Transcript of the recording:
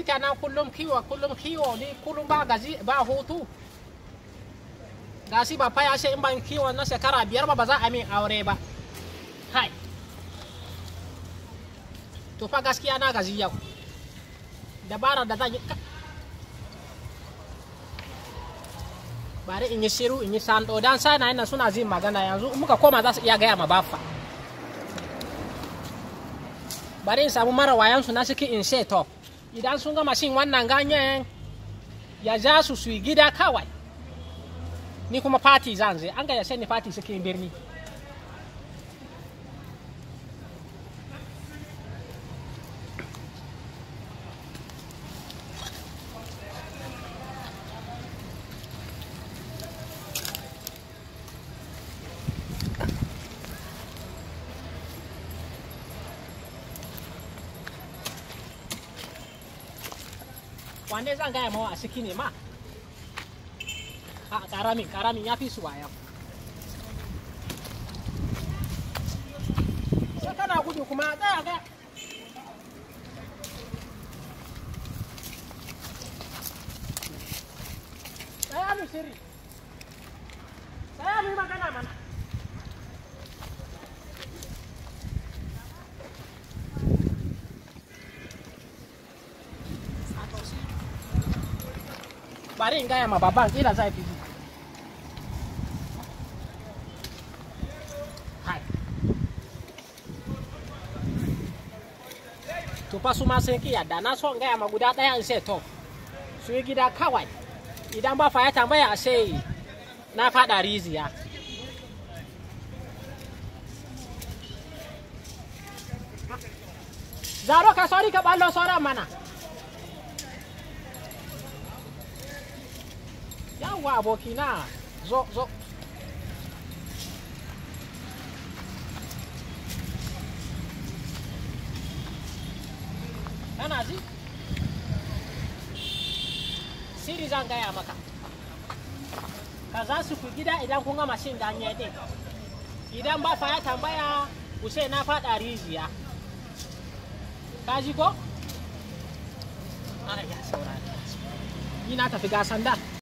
mutanen kullum kiwo kullum kiwo ni kullum ba gaji ba hutu ga shi ya faya shi in ban kiwon na shekara biyar ba ba za a min aure ba hai to fa gaskiya na gaji yau dabara da zan yi bari in yi shiru in yi sando dan sana yana suna jin magana yanzu muka koma za su iya gaya ma bafa bari in samu mara wayansu na shi in idan sun gama shin wannan ganyen ya za su su gida kawai ni kuma fati zan zai an ga ya sani fati suke birni wanda zan gaya mawa a ciki ne ma a karamin karamin ya fi su waya sai kana gudu kuma tsaya ga bari in gaya ma baban zai ma ki na so in gaya ma guda ɗaya in sai to su yi gida kawai idan ba fa ya tambaya a sai na faɗa riziya zaro ka sauri ka ballo sauran mana yawa abokina zo kana ji siri zan gaya maka ka za su ku gida idan kun gama shin da hanyar idan ba fa ya tambaya ku na faɗa rijiya ka ji ko? na tafi gasan da